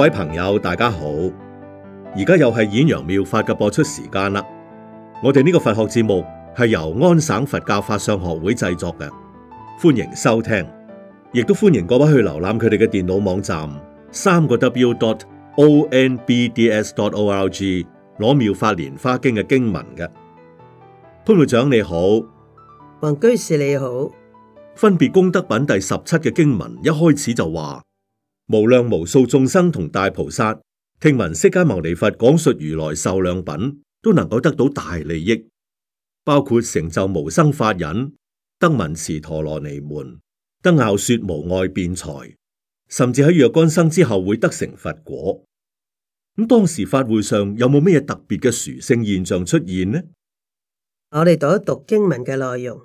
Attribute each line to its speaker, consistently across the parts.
Speaker 1: 各位朋友，大家好！而家又係演揚妙法嘅播出時間啦。我哋呢個佛學節目係由安省佛教法相學會製作嘅，歡迎收聽，亦都歡迎各位去瀏覽佢哋嘅電腦網站三個 W 點 O N B D S 點 O R G，攞妙法蓮花經嘅經文嘅。潘會長你好，黃居士你好，分別功德品第十七嘅經文一開始就話。無量無數眾生同大菩薩聽聞釋迦牟尼佛講述如來壽量品，都能夠得到大利益，包括成就無生法忍，得聞持陀羅尼門，得樂說無礙辯才，甚至喺若干生之後會得成佛果。咁當時法會上有冇咩特別嘅殊勝現象出現呢？
Speaker 2: 我哋讀一讀經文嘅內容。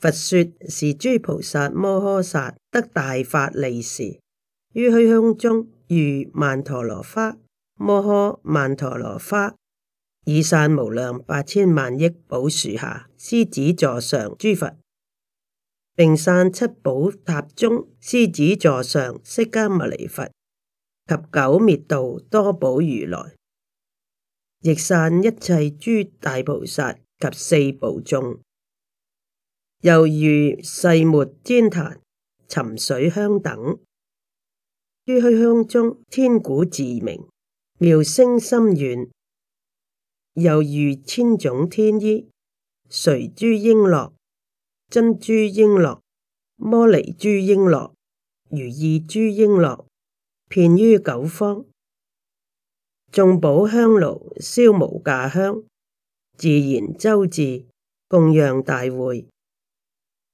Speaker 2: 佛說是諸菩薩摩訶薩得大法利時，於虛空中雨曼陀羅花，摩訶曼陀羅花，以散無量百千萬億寶樹下獅子座上諸佛，並散七寶塔中獅子座上釋迦牟尼佛及久滅度多寶如來，亦散一切諸大菩薩及四部眾，又雨細末栴檀沉水香等。於虛空中天鼓自鳴，妙聲深遠，猶如千種天衣。隨珠瓔珞、珍珠瓔珞、摩尼珠瓔珞、如意珠瓔珞，遍於九方。眾寶香爐燒無價香，自然周至，供養大會，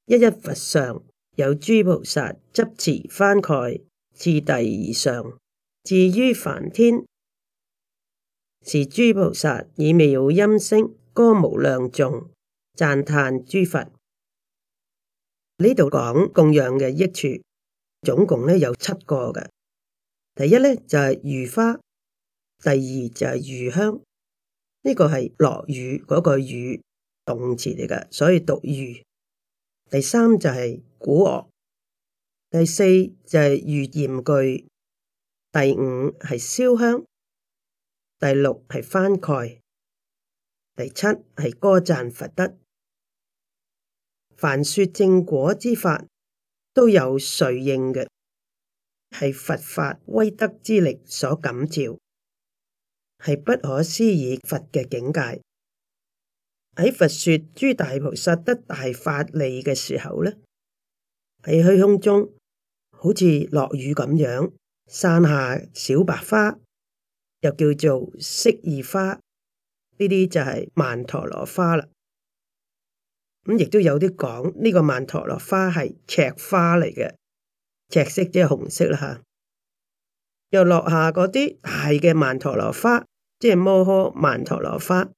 Speaker 2: 一一佛上有諸菩薩執持翻蓋。次第而上，至於梵天，是諸菩薩以妙音聲歌無量眾讚歎諸佛。呢度講供養嘅益處，總共呢有七個嘅。第一呢就係、是、雨花，第二就係雨香，呢、這個係落雨嗰、那個雨動詞嚟嘅，所以讀雨。第三就係鼓樂。第四就係遇言句，第五係燒香，第六係翻蓋，第七係歌讚佛德。凡說正果之法，都有瑞應嘅，係佛法威德之力所感召，係不可思議佛嘅境界。喺佛說諸大菩薩得大法利嘅時候咧，喺虛空中。好似落雨咁樣，散下小白花，又叫做適意花，呢啲就係曼陀羅花啦。咁、嗯、亦都有啲講呢個曼陀羅花係赤花嚟嘅，赤色即係紅色啦吓。又落下嗰啲大嘅曼陀羅花，即係摩訶曼陀羅花，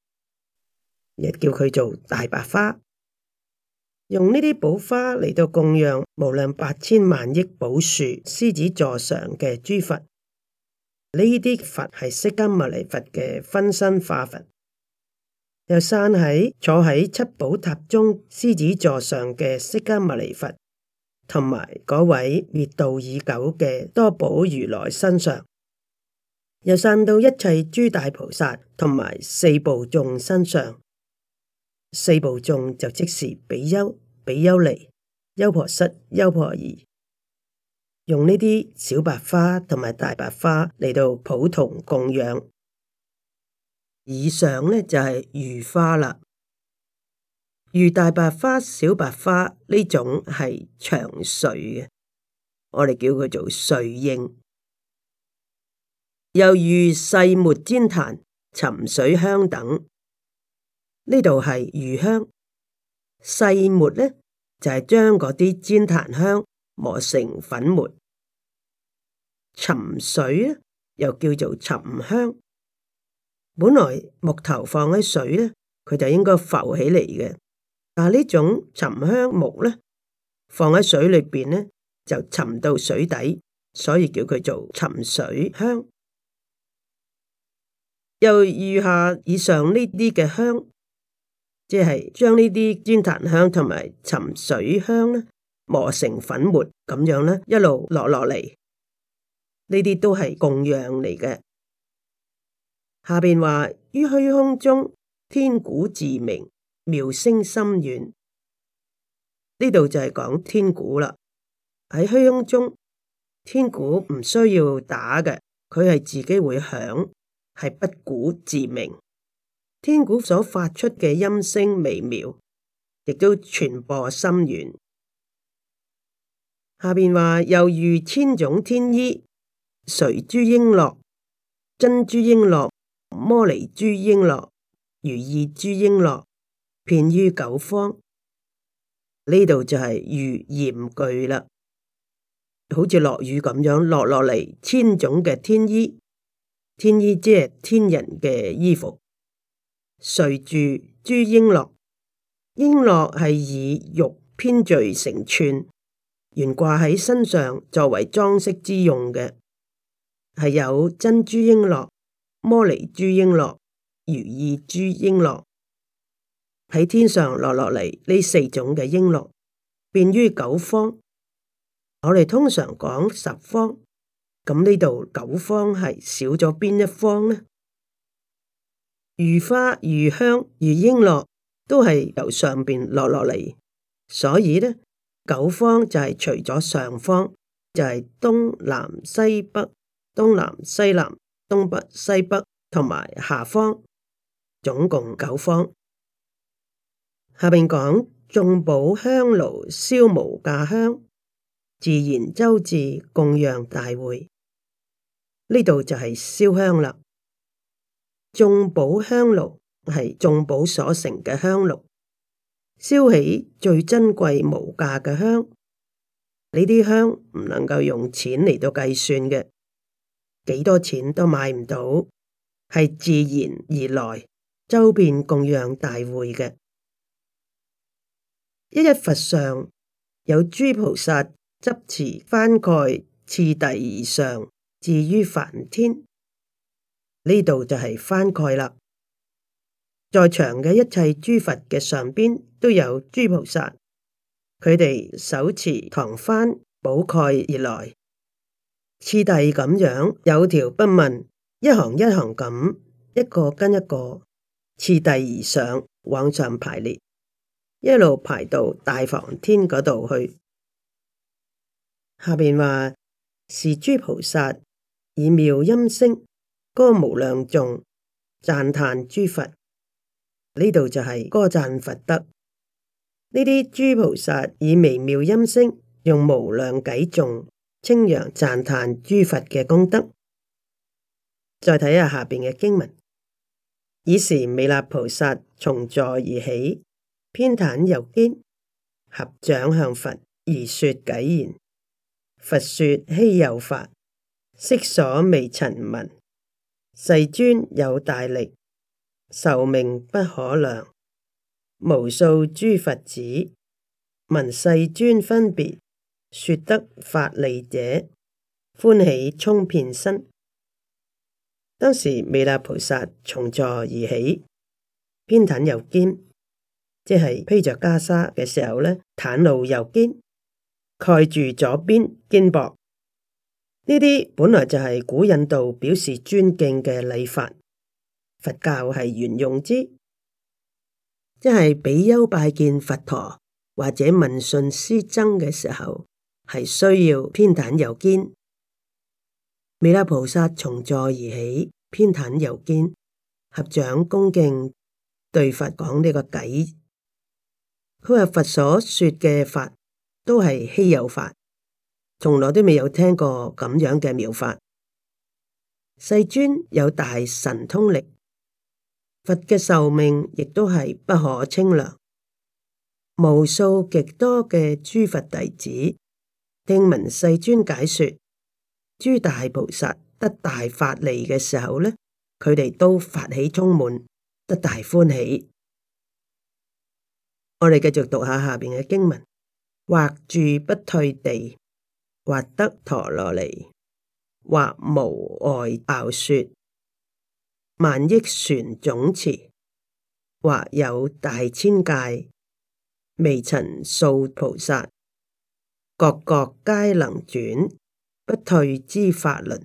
Speaker 2: 亦叫佢做大白花。用呢啲寶花嚟到供養，無量八千萬億寶樹、獅子座上嘅諸佛，呢啲佛係釋迦牟尼佛嘅分身化佛，又散喺坐喺七寶塔中獅子座上嘅釋迦牟尼佛，同埋嗰位滅度已久嘅多寶如來身上，又散到一切諸大菩薩同埋四部眾身上。四部眾就即是比丘、比丘尼、優婆塞、優婆夷，用呢啲小白花同埋大白花嚟到普通供養。以上呢就係、是、如花啦，如大白花、小白花呢種係長穗嘅，我哋叫佢做穗英，又如細末栴檀、沉水香等。呢度係餘香細末，咧，就係、是，將嗰啲栴檀香磨成粉末。沉水咧，又叫做沉香。本來木頭放喺水咧，佢就應該浮起嚟嘅。但係呢種沉香木咧，放喺水裏邊咧，就沉到水底，所以叫佢做沉水香。又餘下以上呢啲嘅香。即係將呢啲栴檀香同埋沉水香咧，磨成粉末咁樣咧，一路落落嚟。呢啲都係供養嚟嘅。下邊話於虛空中，天鼓自鳴，妙聲深遠。呢度就係講天鼓啦。喺虛空中，天鼓唔需要打嘅，佢係自己會響，係不鼓自鳴。天鼓所發出嘅音聲微妙，亦都傳播深遠。下面話又雨千種天衣，垂珠瓔珞、珍珠瓔珞、摩尼珠瓔珞、如意珠瓔珞，遍於九方。呢度就係如鹽句啦，好似落雨咁樣落落嚟，千種嘅天衣，天衣即係天人嘅衣服。垂住珠瓔珞，瓔珞係以玉編綴成串，懸掛喺身上作為裝飾之用嘅。係有珍珠瓔珞、摩尼珠瓔珞、如意珠瓔珞，喺天上落落嚟呢四種嘅瓔珞，便於九方。我哋通常講十方，咁呢度九方係少咗邊一方呢？如花如香如瓔珞，都係由上邊落落嚟，所以呢九方就係除咗上方，就係、是、東南西北、東南西南、東北西北同埋下方，總共九方。下邊講眾寶香爐燒無價香，自然周至供養大會，呢度就係燒香啦。眾寶香爐係眾寶所成嘅香爐，燒起最珍貴無價嘅香。呢啲香唔能夠用錢嚟到計算嘅，幾多錢都買唔到，係自然而來周邊供養大會嘅，一一佛上有諸菩薩執持幡蓋次第而上，至於梵天。呢度就係幡蓋啦，在場嘅一切諸佛嘅上邊都有諸菩薩，佢哋手持唐幡寶蓋而來，次第咁樣有條不紊，一行一行咁一個跟一個次第而上，往上排列，一路排到大梵天嗰度去。下面話是諸菩薩以妙音聲。歌無量眾讚歎諸佛，呢度就係歌讚佛德。呢啲諸菩薩以微妙音聲，用無量偈頌稱揚讚歎諸佛嘅功德。再睇下下邊嘅經文。爾時彌勒菩薩從座而起，偏袒右肩，合掌向佛而說偈言：佛說希有法，昔所未曾聞。世尊有大力，壽命不可量，無數諸佛子聞世尊分別，說得法利者歡喜充遍身。當時彌勒菩薩從座而起，偏袒右肩，即係披着袈裟嘅時候咧，袒露右肩，蓋住左邊肩膊。呢啲本來就係古印度表示尊敬嘅禮法，佛教係沿用之，即係比丘拜見佛陀或者問訊師僧嘅時候，係需要偏袒右肩。彌勒菩薩從座而起，偏袒右肩，合掌恭敬對佛講呢個偈。佢話佛所說嘅法都係稀有法。從來都未有聽過咁樣嘅妙法。世尊有大神通力，佛嘅壽命亦都係不可稱量，無數極多嘅諸佛弟子聽聞世尊解説，諸大菩薩得大法利嘅時候咧，佢哋都發起充滿得大歡喜。我哋繼續讀下下邊嘅經文，或住不退地。或得陀羅尼，或無礙樂說，萬億旋總持，或有大千界，微塵數菩薩，各各皆能轉，不退之法輪；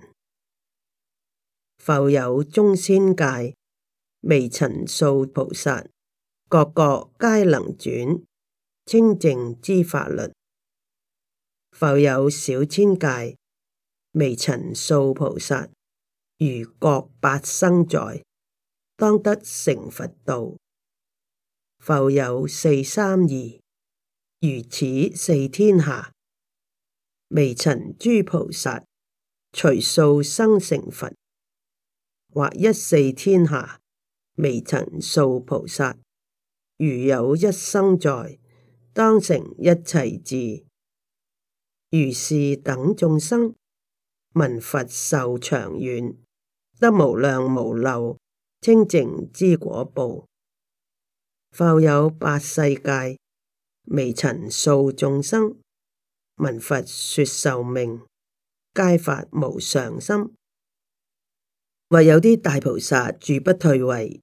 Speaker 2: 復有中千界，微塵數菩薩，各各皆能轉，清淨之法輪。浮有小千界，微塵數菩薩，如各八生在，當得成佛道。浮有四三二，如此四天下，微塵諸菩薩，隨數生成佛。或一四天下，微塵數菩薩，如有一生在，當成一切智。如是等眾生聞佛壽長遠，得無量無漏清淨之果報。復有八世界微塵數眾生聞佛說壽命，皆發無上心。話有啲大菩薩住不退位，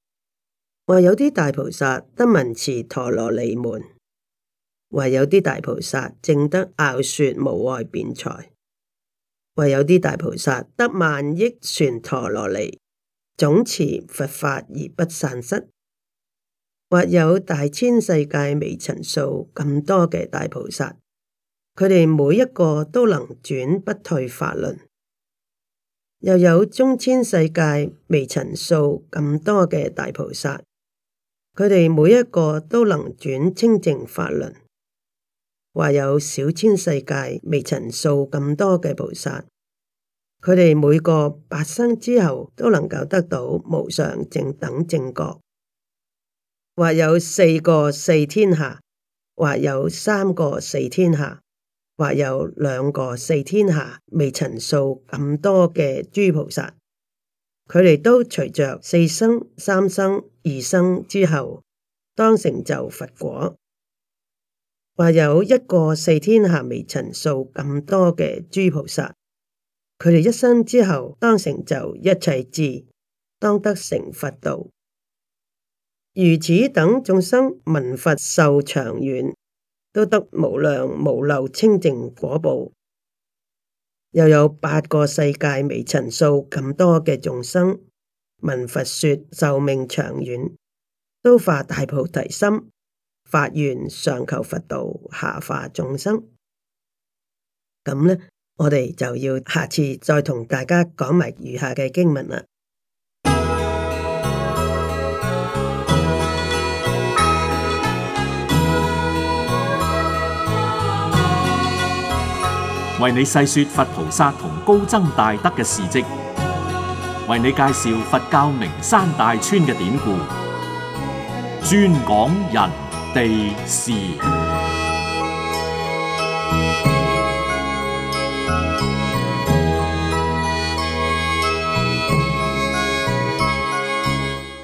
Speaker 2: 話有啲大菩薩得聞持陀羅尼門。唯有啲大菩薩淨得傲說無礙辯才，唯有啲大菩薩得萬億旋陀羅尼總持佛法而不散失，或有大千世界微塵數咁多嘅大菩薩，佢哋每一個都能轉不退法輪；又有中千世界微塵數咁多嘅大菩薩，佢哋每一個都能轉清淨法輪。或有小千世界微塵數咁多嘅菩薩，佢哋每個八生之後都能夠得到無上正等正覺。或有四個四天下，或有三個四天下，或有兩個四天下微塵數咁多嘅諸菩薩，佢哋都隨着四生、三生、二生之後，當成就佛果。話有一個四天下微塵數咁多嘅諸菩薩，佢哋一生之後當成就一切智，當得成佛道。如此等眾生聞佛壽長遠，都得無量無漏清淨果報。又有八個世界微塵數咁多嘅眾生聞佛說壽命長遠，都化大菩提心。發願上求佛道，下化眾生。咁呢，我哋就要下次再同大家講埋餘下嘅經文啦。
Speaker 1: 為你細說佛菩薩同高僧大德嘅事跡，為你介紹佛教名山大川嘅典故，專講人。地是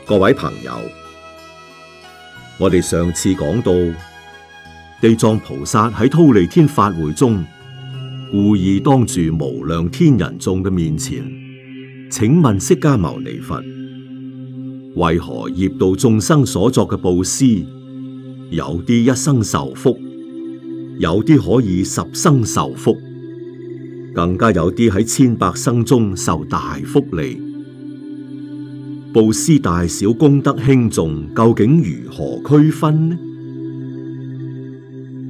Speaker 1: 各位朋友，我哋上次講到地藏菩薩喺忉利天法會中，故意當住無量天人眾嘅面前，請問釋迦牟尼佛為何業道眾生所作嘅布施？有啲一生受福，有啲可以十生受福，更加有啲喺千百生中受大福利。布施大小功德輕重，究竟如何區分呢？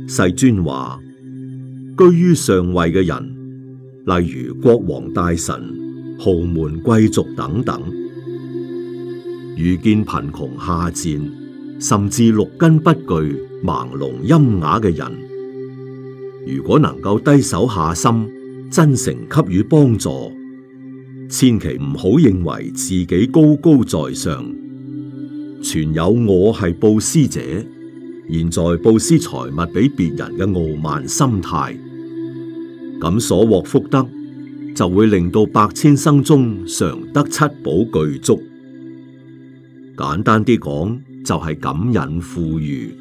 Speaker 1: 世尊話：居於上位嘅人，例如國王大臣、豪門貴族等等，遇見貧窮下賤。甚至六根不具、盲聾陰啞嘅人，如果能夠低手下心，真誠給予幫助，千祈唔好認為自己高高在上，存有我係布施者，現在布施財物俾別人嘅傲慢心態，咁所獲福德就會令到百千生中常得七寶具足。簡單啲講。就係感引富裕。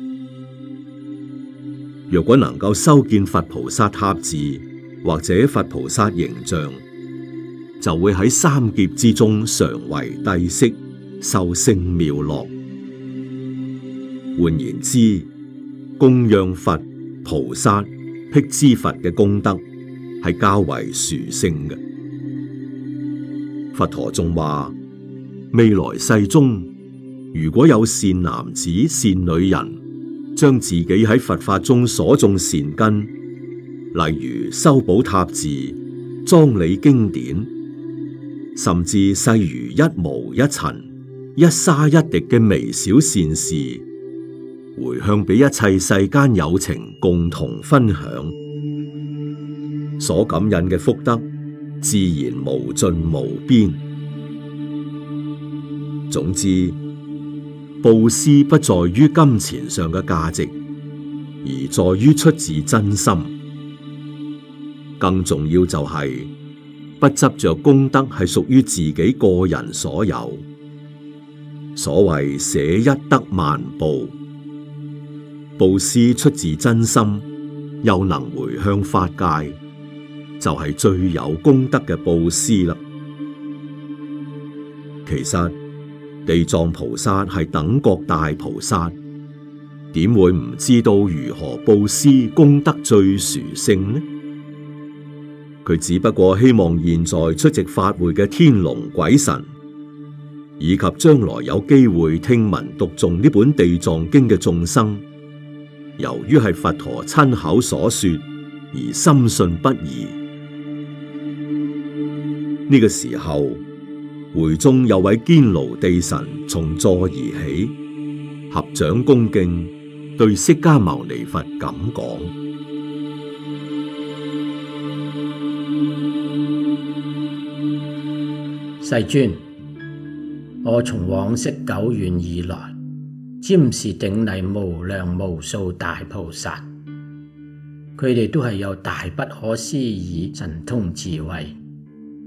Speaker 1: 若果能夠修建佛菩薩塔寺或者佛菩薩形象，就會喺三劫之中常為帝釋受勝妙樂。換言之，供養佛菩薩辟支佛嘅功德係較為殊勝嘅。佛陀仲話：未來世中。如果有善男子、善女人，將自己喺佛法中所種善根，例如修補塔寺、裝理經典，甚至細如一毛一塵、一沙一滴嘅微小善事，回向俾一切世間有情共同分享，所感引嘅福德自然無盡無邊。總之。布施不在於金錢上嘅價值，而在於出自真心。更重要就係、是、不執着功德係屬於自己個人所有。所謂捨一得萬報，」布施出自真心，又能回向法界，就係、是、最有功德嘅布施啦。其實。地藏菩薩係等覺大菩薩，點會唔知道如何布施功德最殊勝呢？佢只不過希望現在出席法會嘅天龍鬼神，以及將來有機會聽聞讀誦呢本地藏經嘅眾生，由於係佛陀親口所說，而深信不疑。呢、這個時候。回中有位堅牢地神從座而起，合掌恭敬，對
Speaker 3: 釋迦牟尼佛咁講：世尊，我從往昔久遠而來，瞻視頂禮無量無數大菩薩，佢哋都係有大不可思議神通智慧。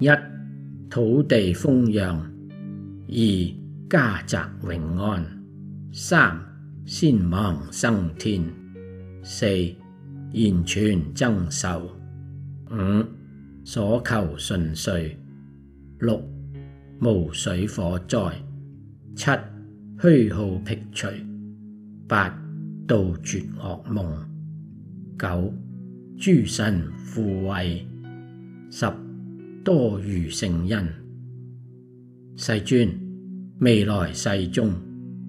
Speaker 3: 一土地豐穰，二家宅永安，三先亡生天，四延年增壽，五所求順遂，六無水火災，七虛耗辟除，八杜絕惡夢，九諸神附衛，十、多遇聖因，世尊，未來世中，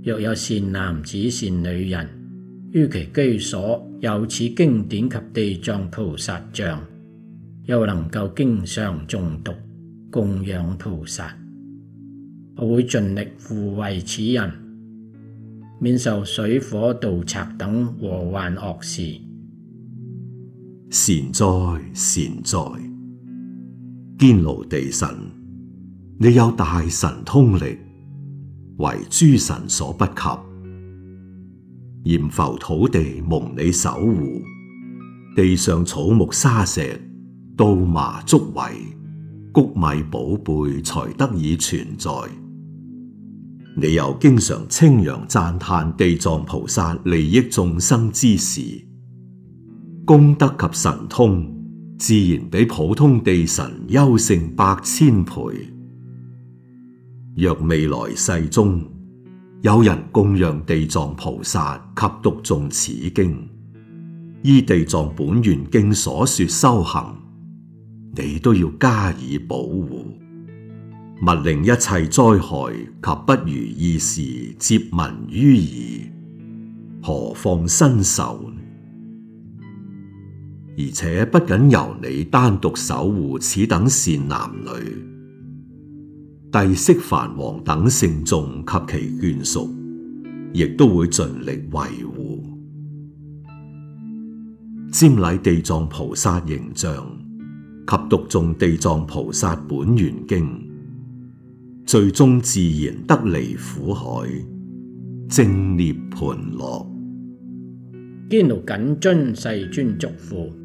Speaker 3: 若有善男子、善女人，於其居所有此經典及地藏菩薩像，又能夠經常誦讀，供養菩薩，我會盡力護衛此人，免受水火盜賊等禍患惡事。
Speaker 1: 善哉，善哉。堅牢地神，你有大神通力，為諸神所不及。閻浮土地蒙你守護，地上草木沙石、稻麻竹葦、穀米寶貝才得以存在。你又經常稱揚讚嘆地藏菩薩利益眾生之事，功德及神通。自然比普通地神優勝百千倍。若未來世中有人供養地藏菩薩及讀誦此經，依地藏本願經所說修行，你都要加以保護，勿令一切災害及不如意事接聞於耳，何況身受？而且不僅由你單獨守護此等善男女、帝釋梵王等聖眾及其眷屬，亦都會盡力維護。瞻禮地藏菩薩形象及讀誦地藏菩薩本願經，最終自然得離苦海，正涅盤落。
Speaker 3: 堅牢謹遵世尊囑咐。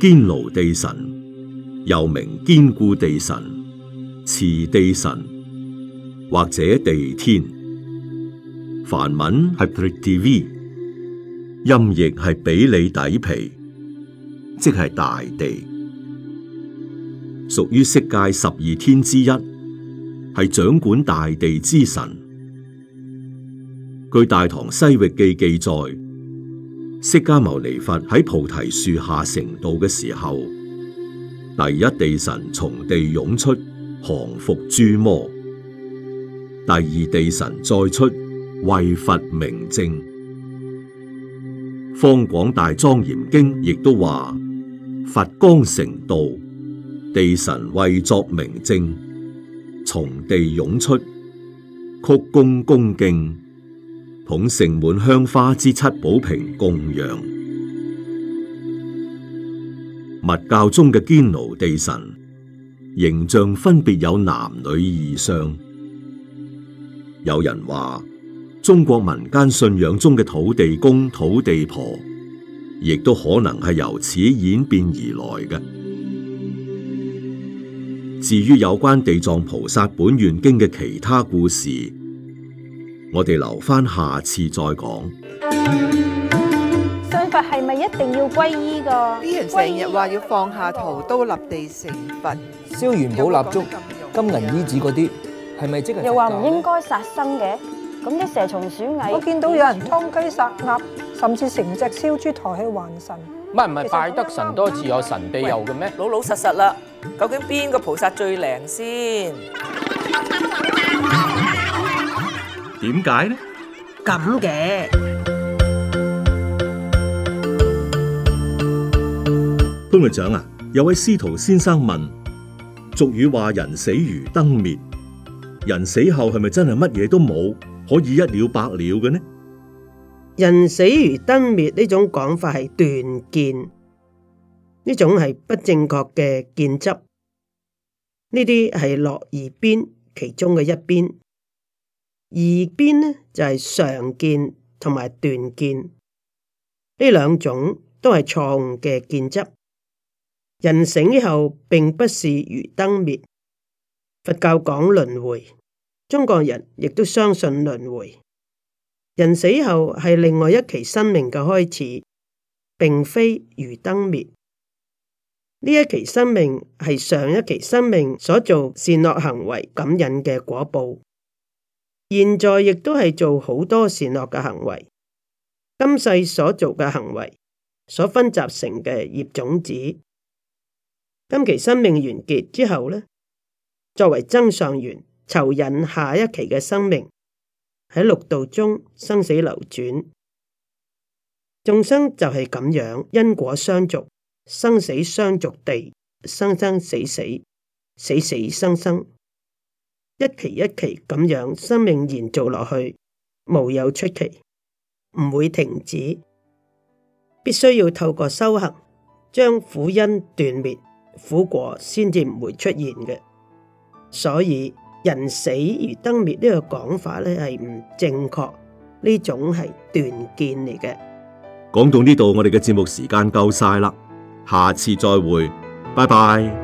Speaker 1: 堅牢地神，又名堅固地神、持地神或者地天。梵文係 Prithivi，音譯係比你底皮，即係大地，屬於色界十二天之一，係掌管大地之神。據《大唐西域記》記載，釋迦牟尼佛喺菩提樹下成道嘅時候，第一地神從地涌出降伏諸魔；第二地神再出為佛明正，《方廣大莊嚴經》亦都話：佛光成道，地神為作明正，從地涌出，曲躬恭敬。捧盛滿香花之七寶瓶供養，密教中嘅堅牢地神形象分別有男女異相。有人話，中國民間信仰中嘅土地公、土地婆，亦都可能係由此演變而來嘅。至於有關地藏菩薩本願經嘅其他故事。我哋留返下次再講。
Speaker 2: 信
Speaker 1: 佛係咪一定要皈依㗎？啲人成日話要放下屠刀立地成
Speaker 3: 佛，燒元寶蠟燭、金銀衣紙嗰啲，係咪即係？又話唔
Speaker 2: 應該殺生嘅，咁啲蛇蟲鼠蟻，我見到有人劏雞殺鴨，甚至成隻燒豬抬去還神。
Speaker 3: 唔係唔係，拜得神多自有神庇佑嘅咩？老老實實啦，究竟邊個菩薩最靚先？
Speaker 1: 點解呢？
Speaker 2: 咁嘅，
Speaker 1: 潘會長啊，有位司徒先生問：俗語話人死如燈滅，人死後係咪真係乜嘢都冇，可以一了百了嘅呢？
Speaker 2: 人死如燈滅呢種講法係斷見，呢種係不正確嘅見執，呢啲係落二邊其中嘅一邊。二邊呢，就係、是、常見同埋斷見，呢兩種都係錯誤嘅見執。人死後並不是如燈滅。佛教講輪迴，中國人亦都相信輪迴。人死後係另外一期生命嘅開始，並非如燈滅。呢一期生命係上一期生命所做善惡行為感引嘅果報。現在亦都係做好多善惡嘅行為，今世所做嘅行為，所分集成嘅業種子，今期生命完結之後呢，作為增上緣，吸引下一期嘅生命喺六道中生死流轉，眾生就係咁樣因果相續，生死相續地生生死死，死死生生。一期一期咁樣生命延續落去，無有出期，唔會停止。必須要透過修行，將苦因斷滅，苦果先至唔會出現嘅。所以人死如燈滅呢個講法咧係唔正確，呢種係斷見嚟嘅。
Speaker 1: 講到呢度，我哋嘅節目時間夠晒啦，下次再會，拜拜。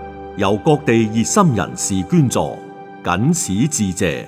Speaker 1: 由各地熱心人士捐助，僅此致謝。